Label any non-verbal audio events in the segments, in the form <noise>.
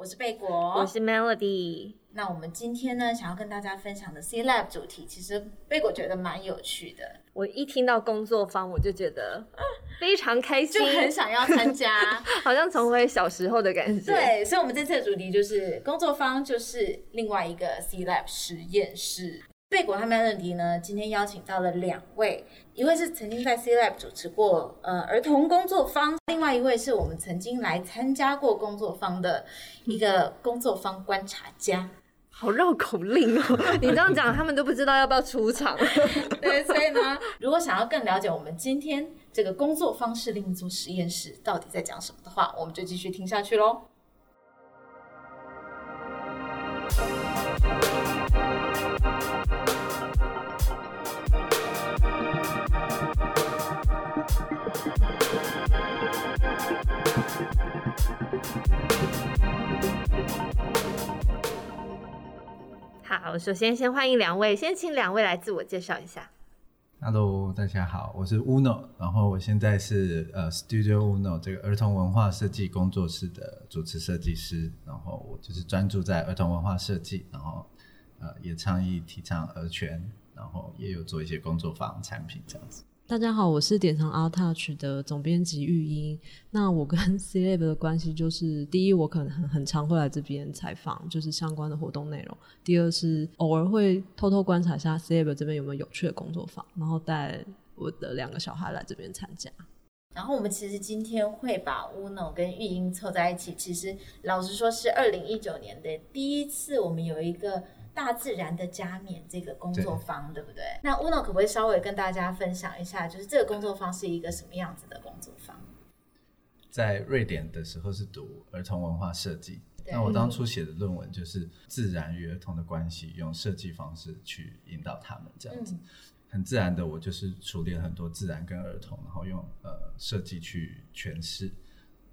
我是貝果，我是 Melody。那我們今天呢，想要跟大家分享的 C-LAB 主題，其實貝果覺得蠻有趣的。我一聽到工作坊，我就覺得非常開心， <laughs> 就很想要參加， <laughs> 好像重回小時候的感覺。對，所以，我們這次的主題就是工作坊，就是另外一個 C-LAB 實驗室。貝果他們的問題呢，今天邀請到了兩位，一位是曾經在 C-LAB 主持過呃兒童工作坊，另外一位是我們曾經來參加過工作坊的一個工作坊觀察家。嗯、好繞口令哦， <laughs> 你這樣講，他們都不知道要不要出場 <laughs> <laughs> 對，所以呢，如果想要更了解我們今天這個工作坊是另一座實驗室到底在講什麼的話，我們就繼續聽下去嘍。好，我首先先歡迎兩位，先請兩位來自我介紹一下。Hello，大家好，我是 UNO，然後我現在是呃 Studio UNO 這個兒童文化設計工作室的主持設計師，然後我就是專注在兒童文化設計，然後呃也倡議提倡兒權，然後也有做一些工作坊產品這樣子。大家好，我是典藏 Art Touch 的總編輯玉英。那我跟 C-LAB 的關係就是，第一我可能很，很常會來這邊採訪，就是相關的活動內容；第二是偶爾會偷偷觀察一下 C-LAB 這邊有沒有有趣的工作坊，然後帶我的兩個小孩來這邊參加。然後我們其實今天會把 UNO 跟玉英湊在一起，其實老實說是二零一九年的第一次，我們有一個大自然的加冕，這個工作坊對，對不對？那烏諾、no、可不可以稍微跟大家分享一下，就是這個工作坊是一個什麼樣子的工作坊？在瑞典的時候是讀兒童文化設計，對那我當初寫的論文就是自然與兒童的關係，用設計方式去引導他們，這樣子、嗯、很自然的，我就是處理了很多自然跟兒童，然後用呃設計去詮釋。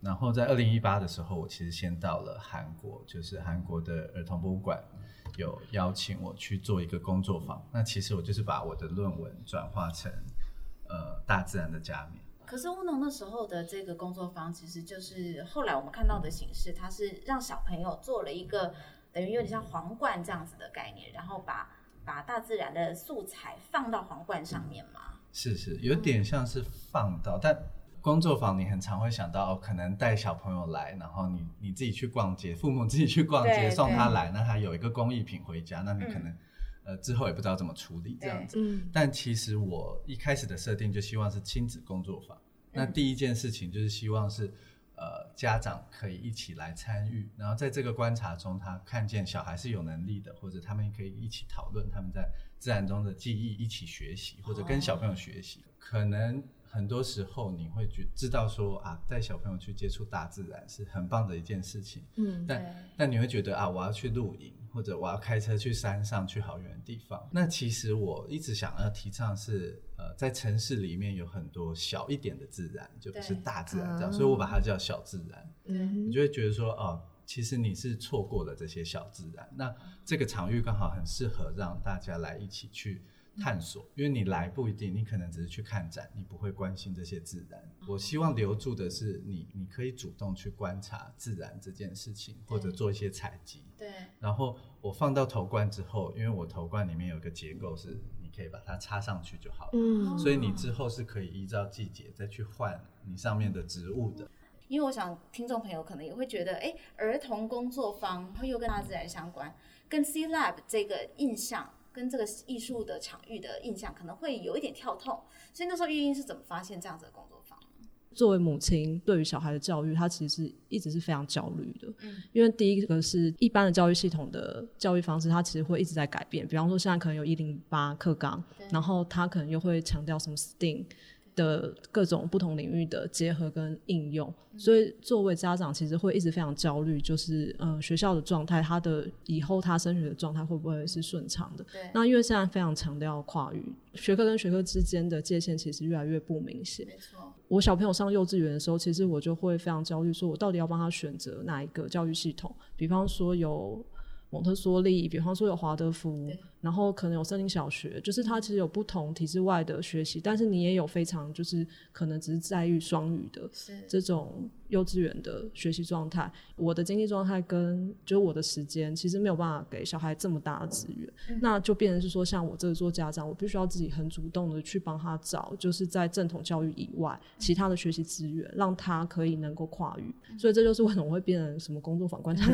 然後在二零一八的時候，我其實先到了韓國，就是韓國的兒童博物館。有邀請我去做一個工作坊，那其實我就是把我的論文轉化成，呃，大自然的加冕。可是烏龍那時候的這個工作坊，其實就是後來我們看到的形式，它是讓小朋友做了一個等於有點像皇冠這樣子的概念，然後把把大自然的素材放到皇冠上面嘛。是是，有點像是放到，但。工作坊你很常會想到、哦，可能帶小朋友來，然後你你自己去逛街，父母自己去逛街，送他來，那他有一個工藝品回家，那你可能，嗯、呃，之後也不知道怎麼處理這樣子。對但其實我一開始的設定就希望是親子工作坊，嗯、那第一件事情就是希望是，呃，家長可以一起來參與，然後在這個觀察中，他看見小孩是有能力的，或者他們可以一起討論他們在自然中的記憶，一起學習，或者跟小朋友學習，哦、可能。很多時候你會覺知道說啊，帶小朋友去接觸大自然是很棒的一件事情。嗯，但但你會覺得啊，我要去露營，或者我要開車去山上去好遠的地方。那其實我一直想要提倡是，呃，在城市裡面有很多小一點的自然，就不是大自然這樣，對所以我把它叫小自然。嗯，你就會覺得說，哦、啊，其實你是錯過了這些小自然。那這個場域剛好很適合讓大家來一起去探索，因為你來不一定，你可能只是去看展，你不會關心這些自然。哦、我希望留住的是你，你可以主動去觀察自然這件事情，對或者做一些採集。對。然後我放到頭冠之後，因為我頭冠裡面有個結構是，你可以把它插上去就好了。嗯。所以你之後是可以依照季節再去換你上面的植物的。嗯、因為我想聽眾朋友可能也會覺得，哎、欸，兒童工作坊，然後又跟大自然相關，嗯、跟 C-LAB 這個印象。跟這個藝術的場域的印象可能會有一點跳痛，所以那時候玉英是怎麼發現這樣子的工作坊？作為母親，對於小孩的教育，她其實是一直是非常焦慮的，嗯、因為第一個是一般的教育系統的教育方式，它其實會一直在改變，比方說現在可能有一零八課綱，對然後他可能又會強調什麼 STEAM。的各種不同領域的結合跟應用，嗯、所以作為家長，其實會一直非常焦慮，就是嗯、呃，學校的狀態，他的以後他升學的狀態會不會是順暢的？對那因為現在非常強調跨域學科跟學科之間的界限，其實越來越不明顯。沒錯錯。我小朋友上幼稚園的時候，其實我就會非常焦慮，說我到底要幫他選擇哪一個教育系統？比方說有蒙特梭利，比方說有華德福。然後可能有森林小學，就是它其實有不同體制外的學習，但是你也有非常就是可能只是在於雙語的這種幼稚園的學習狀態。是我的經濟狀態跟就是我的時間，其實沒有辦法給小孩這麼大的資源，嗯、那就變成是說，像我這個做家長，我必須要自己很主動的去幫他找，就是在正統教育以外、嗯、其他的學習資源，讓他可以能夠跨越、嗯、所以這就是為什麼我會變成什麼工作坊觀察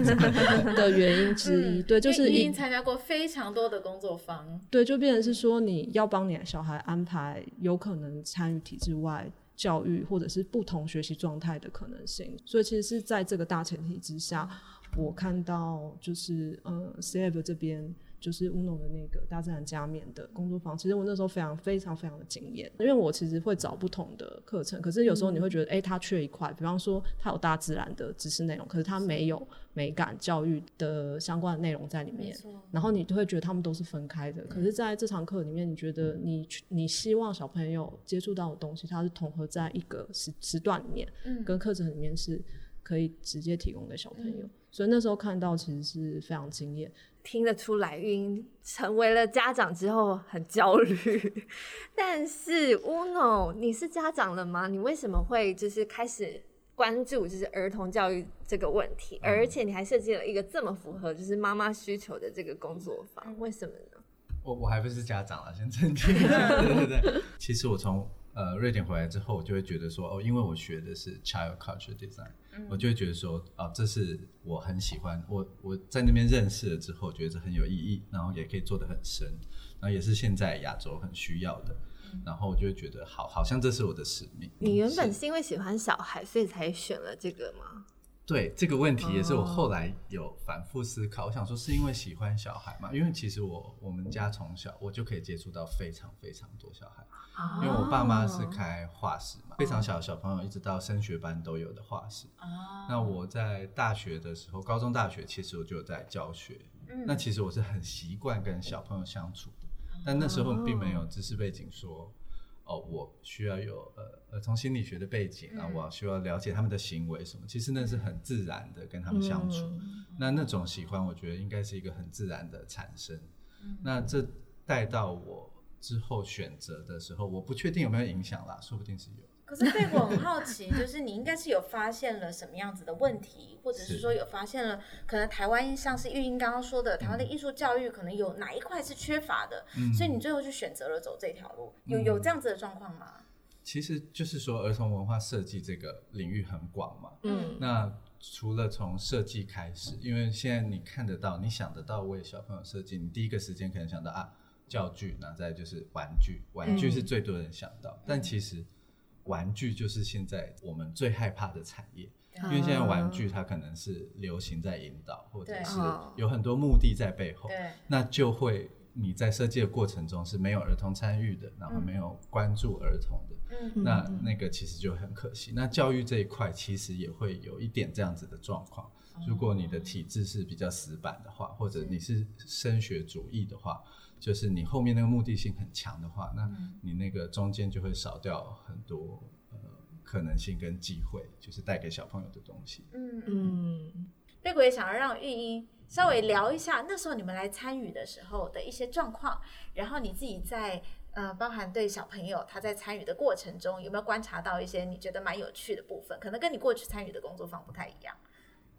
的原因之一。嗯、對，就是因為參加過非常多的工作。作坊對，就變成是說，你要幫你的小孩安排有可能參與體制外教育，或者是不同學習狀態的可能性。所以其實是在這個大前提之下，我看到就是，嗯，C-LAB 這邊。就是烏諾的那個大自然加冕的工作坊，其實我那時候非常非常非常的驚豔，因為我其實會找不同的課程，可是有時候你會覺得，哎、嗯，它缺、欸、一塊，比方說它有大自然的知識內容，可是它沒有美感教育的相關的內容在裡面，沒錯。然後你就會覺得他們都是分開的。嗯、可是在這堂課裡面，你覺得你你希望小朋友接觸到的東西，它是統合在一個時時段裡面，跟課程裡面是。可以直接提供給小朋友，嗯、所以那時候看到其實是非常驚艷，聽得出來，因為成為了家長之後很焦慮。但是，uno，你是家長了嗎？你為什麼會就是開始關注就是兒童教育這個問題？嗯、而且你還設計了一個這麼符合就是媽媽需求的這個工作坊，為什麼呢？我我還不是家長了，先澄清。 <laughs> 對對對，其實我從。呃，瑞典回來之後，我就會覺得說，哦，因為我學的是 child culture design，、嗯、我就會覺得說，啊、哦，這是我很喜歡，我我在那邊認識了之後，覺得這很有意義，然後也可以做得很深，然後也是現在亞洲很需要的，嗯、然後我就會覺得，好好像這是我的使命。你原本是因為喜歡小孩，所以才選了這個嗎？對這個問題也是我後來有反覆思考，oh. 我想說是因為喜歡小孩嘛，因為其實我我們家從小我就可以接觸到非常非常多小孩，oh. 因為我爸媽是開畫室嘛，oh. 非常小的小朋友一直到升學班都有的畫室，oh. 那我在大學的時候，高中大學其實我就在教學，oh. 那其實我是很習慣跟小朋友相處的，但那時候並沒有知識背景說。哦，我需要有呃呃，從心理學的背景，啊，我需要了解他們的行為什麼，其實那是很自然的跟他們相處。Mm hmm. 那那種喜歡，我覺得應該是一個很自然的產生。Mm hmm. 那這帶到我之後選擇的時候，我不確定有沒有影響啦，說不定是有。 <laughs> 可是對我很好奇，就是你應該是有發現了什麼樣子的問題，或者是說有發現了可能台灣像是玉英剛剛說的，台灣的藝術教育可能有哪一塊是缺乏的，嗯、所以你最後就選擇了走這條路，有有這樣子的狀況嗎、嗯？其實就是說，兒童文化設計這個領域很廣嘛，嗯，那除了從設計開始，因為現在你看得到，你想得到為小朋友設計，你第一個時間可能想到啊教具，然後再就是玩具，玩具是最多人想到，嗯、但其實。玩具，就是現在我們最害怕的產業，因為現在玩具它可能是流行在引導，或者是有很多目的在背後，那就會你在設計的過程中是沒有兒童參與的，然後沒有關注兒童的。 <noise> 那那個其實就很可惜。那教育這一塊其實也會有一點這樣子的狀況。如果你的體制是比較死板的話，或者你是升學主義的話，是就是你後面那個目的性很強的話，那你那個中間就會少掉很多呃可能性跟機會，就是帶給小朋友的東西。嗯嗯。貝、嗯、果、嗯、也想要讓玉英稍微聊一下、嗯、那時候你們來參與的時候的一些狀況，然後你自己在。嗯、呃，包含對小朋友他在參與的過程中有沒有觀察到一些你覺得蠻有趣的部分，可能跟你過去參與的工作坊不太一樣。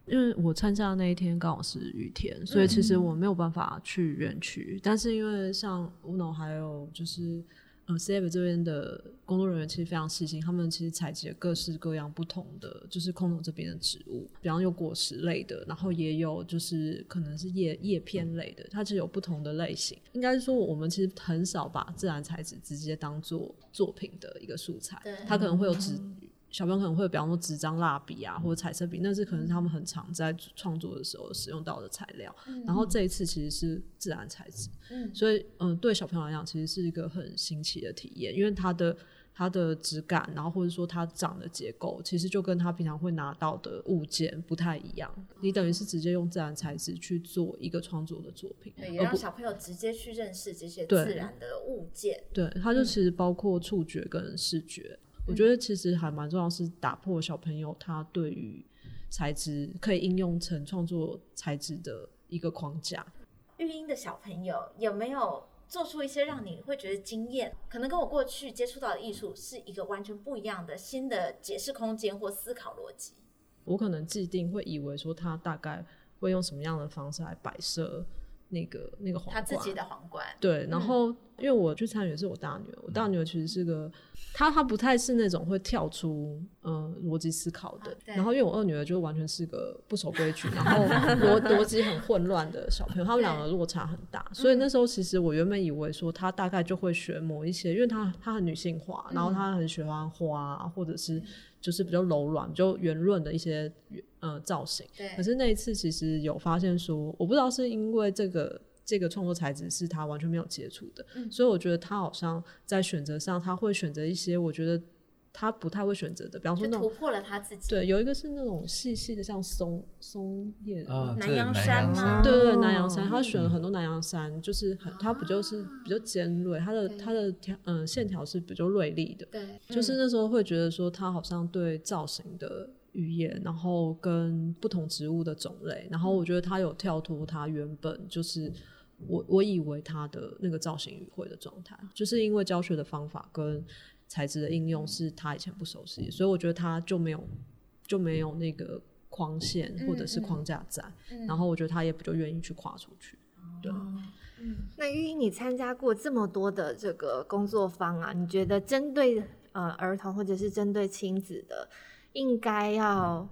因為我參加的那一天剛好是雨天，所以其實我沒有辦法去園區。嗯、但是因為像 UNO 還有就是。嗯，C-LAB 這邊的工作人員其實非常細心，他們其實採集了各式各樣不同的，就是空總這邊的植物，比方有果實類的，然後也有就是可能是葉葉片類的，它其實有不同的類型。應該說，我們其實很少把自然材質直接當做作作品的一個素材，對它可能會有植。嗯小朋友可能會有比方說紙張、蠟筆啊，或者彩色筆，那是可能他們很常在創作的時候使用到的材料。嗯，然後這一次其實是自然材質，嗯，所以嗯，對小朋友來講，其實是一個很新奇的體驗，因為它的它的質感，然後或者說它長的結構，其實就跟他平常會拿到的物件不太一樣。哦，你等於是直接用自然材質去做一個創作的作品，對，也讓小朋友不直接去認識這些自然的物件。對，它就其實包括觸覺跟視覺。嗯我覺得其實還蠻重要的是打破小朋友他對於材質可以應用成創作材質的一個框架。育嬰的小朋友有沒有做出一些讓你會覺得驚豔？可能跟我過去接觸到的藝術是一個完全不一樣的新的解釋空間或思考邏輯。我可能既定會以為說他大概會用什麼樣的方式來擺設。那個那個皇冠，他自己的皇冠。對，然後、嗯、因為我去參與的是我大女兒，我大女兒其實是個，她她、嗯、不太是那種會跳出嗯邏輯思考的。啊、然後因為我二女兒就完全是個不守規矩， <laughs> 然後邏邏輯很混亂的小朋友， <laughs> 他們兩個落差很大。對所以那時候其實我原本以為說她大概就會學某一些，嗯、因為她她很女性化，然後她很喜歡花、嗯、或者是。就是比較柔軟，就圓潤的一些呃造型。對可是那一次其實有發現說，我不知道是因為這個這個創作材質是他完全沒有接觸的，嗯、所以我覺得他好像在選擇上他會選擇一些我覺得。他不太會選擇的，比方說那種就突破了他自己。對，有一個是那種細細的，像松松葉、哦啊。南洋杉嗎？對對南洋杉，他選了很多南洋杉，哦、就是很，他不就是比較尖銳，啊、他的對他的條嗯線條是比較銳利的。對就是那時候會覺得說，他好像對造型的語言，然後跟不同植物的種類，然後我覺得他有跳脫他原本就是我、嗯、我以為他的那個造型語彙的狀態，就是因為教學的方法跟。材質的應用是他以前不熟悉的，所以我覺得他就沒有，就沒有那個框線或者是框架在。嗯嗯、然後我覺得他也不就願意去跨出去。嗯、對、哦，嗯，那玉英，你參加過這麼多的這個工作坊啊？你覺得針對呃兒童或者是針對親子的，應該要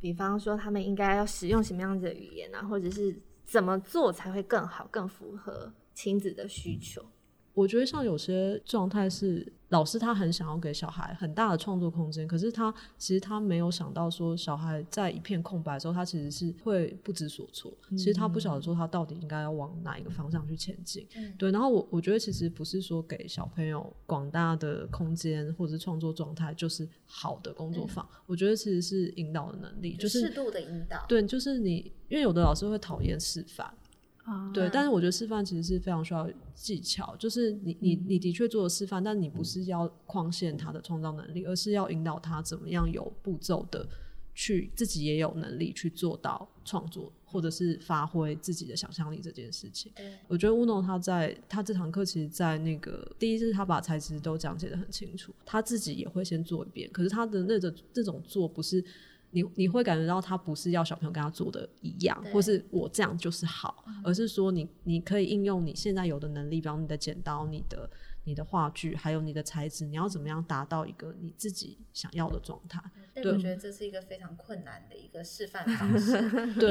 比方說他們應該要使用什麼樣子的語言啊，或者是怎麼做才會更好、更符合親子的需求？嗯我覺得像有些狀態是老師他很想要給小孩很大的創作空間，可是他其實他沒有想到說小孩在一片空白的時候，他其實是會不知所措。嗯、其實他不曉得說他到底應該要往哪一個方向去前進。嗯、對，然後我我覺得其實不是說給小朋友廣大的空間或者是創作狀態就是好的工作坊，嗯、我覺得其實是引導的能力，就是適度的引導、就是。對，就是你，因為有的老師會討厭示範。 <noise> 對，但是我覺得示範其實是非常需要技巧，就是你你你的確做了示範，嗯、但你不是要框限他的創造能力，嗯、而是要引導他怎麼樣有步驟的去自己也有能力去做到創作，或者是發揮自己的想象力這件事情。對我覺得烏諾他在他這堂課，其實在那個第一是他把材質都講解得很清楚，他自己也會先做一遍，可是他的那個這種做不是。你你會感覺到他不是要小朋友跟他做的一樣，對或是我這樣就是好，嗯、而是說你你可以應用你現在有的能力，比方你的剪刀、你的、你的話劇，還有你的材質，你要怎麼樣達到一個你自己想要的狀態？對，對我覺得這是一個非常困難的一個示範方式，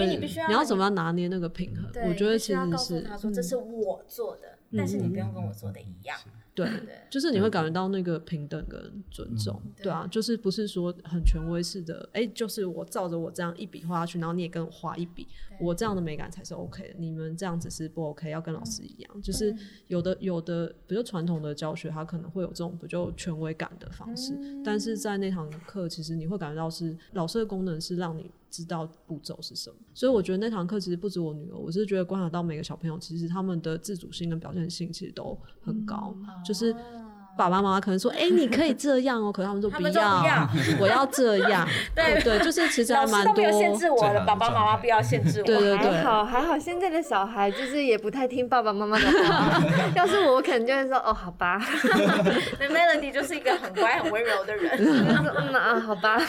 你必須要你要怎麼樣拿捏那個平衡？嗯、我覺得其實是告訴他說這是我做的，嗯、但是你不用跟我做的一樣。嗯嗯對，就是你會感覺到那個平等跟尊重，嗯、對啊，就是不是說很權威式的，哎、欸，就是我照着我這樣一筆畫下去，然後你也跟我畫一筆，對我這樣的美感才是 OK 的，你們這樣子是不 OK，要跟老師一樣，嗯、就是有的有的，比較傳統的教學，它可能會有這種比較權威感的方式，嗯、但是在那堂課，其實你會感覺到是老師的功能是讓你知道步驟是什麼，所以我覺得那堂課其實不止我女兒，我是覺得觀察到每個小朋友，其實他們的自主性跟表現性其實都很高。嗯就是。爸爸媽媽可能說：“哎，你可以這樣哦。”可他們說：“不要，我要這樣。”對對，就是其實還蠻多。不要限制我的，爸爸媽媽不要限制我。對對對，還好還好。現在的小孩就是也不太聽爸爸媽媽的話。要是我，可能就會說：“哦，好吧。”那 Melody 就是一個很乖很溫柔的人。他說：“嗯啊，好吧。”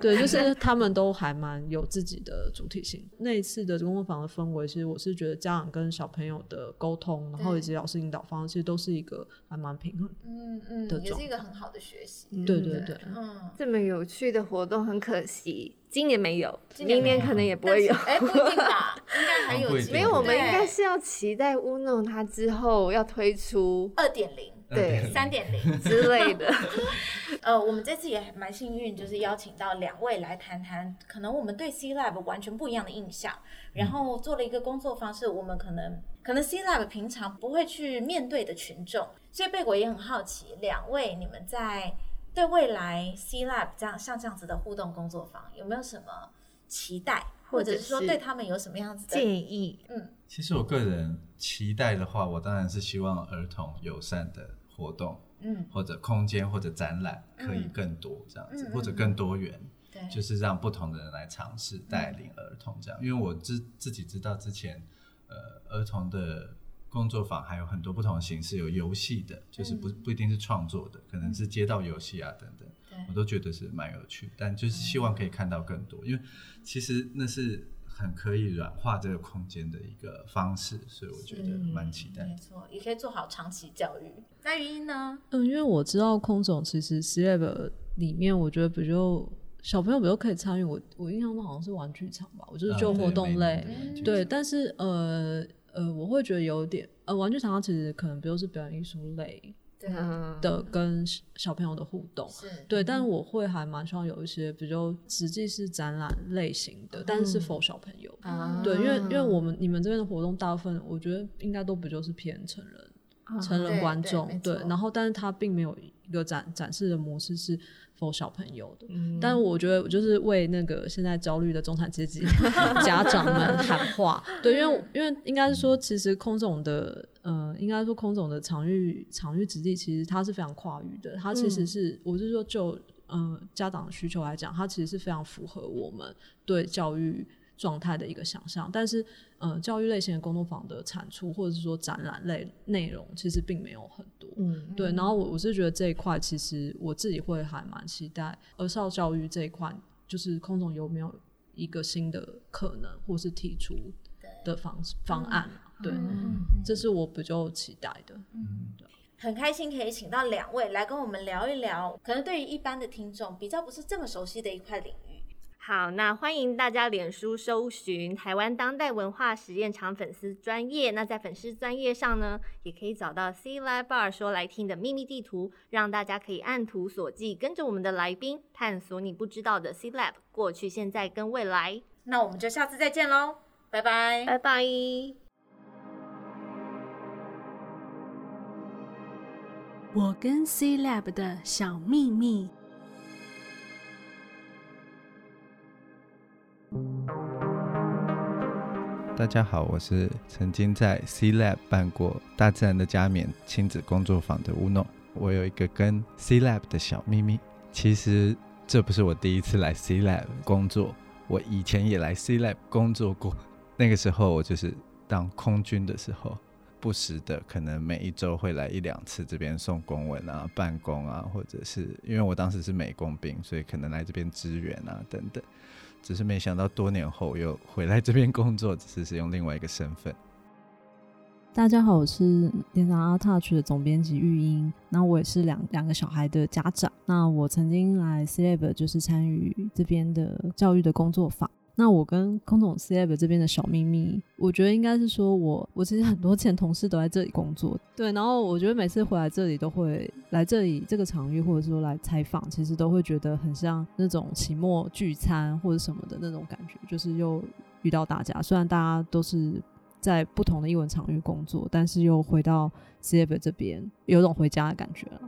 對，就是他們都還蠻有自己的主體性。那一次的工作坊的氛圍，其實我是覺得家長跟小朋友的溝通，然後以及老師引導方，其實都是一個還蠻平衡。嗯嗯，嗯種也是一個很好的學習。嗯、對對對，嗯，這麼有趣的活動很可惜，今年沒有，明年可能也不會有。哎，不一定吧，應該還有機會。沒有，我們應該是要期待 UNO 它之後要推出二點零。對，三點零之類的， <laughs> 呃，我們這次也還蠻幸運，就是邀請到兩位來談談，可能我們對 C-LAB 完全不一樣的印象，然後做了一個工作方式，嗯、我們可能可能 C-LAB 平常不會去面對的群眾，所以貝果也很好奇，兩位你們在對未來 C-LAB 這樣像這樣子的互動工作坊有沒有什麼期待，或者是說對他們有什麼樣子的建議？嗯，其實我個人期待的話，我當然是希望兒童友善的活動，嗯，或者空間，或者展覽，可以更多這樣子，嗯、或者更多元，對、嗯，就是讓不同的人來嘗試帶領兒童這樣。嗯、因為我知自己知道之前，呃，兒童的工作坊還有很多不同形式，有遊戲的，就是不、嗯、不一定是創作的，可能是街道遊戲啊等等，嗯、我都覺得是蠻有趣。但就是希望可以看到更多，因為其實那是。很可以軟化這個空間的一個方式，所以我覺得蠻期待的、嗯。沒錯，也可以做好長期教育。那原因呢？嗯，因為我知道空總其實 C-LAB 裡面，我覺得比如小朋友比較可以參與？我我印象中好像是玩具場吧，我就是做活動類。啊、對，對，對，但是呃呃，我會覺得有點呃玩具場它其實可能比如說是表演藝術類。嗯、的跟小朋友的互動，是對，但我會還蠻希望有一些比較實際是展覽類型的，嗯、但是 for 小朋友，嗯、對，因為因為我們你們這邊的活動大部分，我覺得應該都不就是偏成人，啊、成人觀眾，對，對，對。然後，但是他並沒有一個展展示的模式是 for 小朋友的，嗯、但是我覺得我就是為那個現在焦慮的中產階級 <laughs> <laughs> 家長們喊話， <laughs> 對，因為因為應該是說，其實空總的。嗯、呃，應該說空總的場域、場域質地其實它是非常跨域的，它其實是我是說就呃家長的需求來講，它其實是非常符合我們對教育狀態的一個想象。但是嗯、呃，教育類型的工作坊的產出或者是說展覽類內容其實並沒有很多，嗯，對。然後我我是覺得這一塊其實我自己會還蠻期待。而少教育這一塊，就是空總有沒有一個新的可能或是提出的方對方案，啊。對，嗯，這是我比較期待的。嗯，對很開心可以請到兩位來跟我們聊一聊，可能對於一般的聽眾比較不是這麼熟悉的一塊領域。好，那歡迎大家臉書搜尋“臺灣當代文化實驗場粉絲專頁”。那在粉絲專頁上呢，也可以找到 C-LABar 說來聽的祕密地圖，讓大家可以按圖索驥，跟着我們的來賓探索你不知道的 C-LAB 過去、現在跟未來。那我們就下次再見嘍，拜拜，拜拜。我跟 C Lab 的小秘密。大家好，我是曾經在 C Lab 辦過《大自然的加冕》親子工作坊的烏諾。我有一個跟 C Lab 的小秘密，其實這不是我第一次來 C Lab 工作，我以前也來 C Lab 工作過。那個時候我就是當空軍的時候。不時的，可能每一周會來一兩次這邊送公文啊、辦公啊，或者是因為我當時是美工兵，所以可能來這邊支援啊等等。只是沒想到多年後我又回來這邊工作，只是使用另外一個身份。大家好，我是典藏 ARTouch 的總編輯玉音，那我也是兩兩個小孩的家長。那我曾經來 C-LAB 就是參與這邊的教育的工作坊。那我跟空總 C-LAB 這邊的小秘密，我覺得應該是說我，我我其實很多前同事都在這裡工作，對。然後我覺得每次回來這裡都會來這裡這個場域，或者說來採訪，其實都會覺得很像那種期末聚餐或者什麼的那種感覺，就是又遇到大家。雖然大家都是在不同的藝文場域工作，但是又回到 C-LAB 這邊，有種回家的感覺了。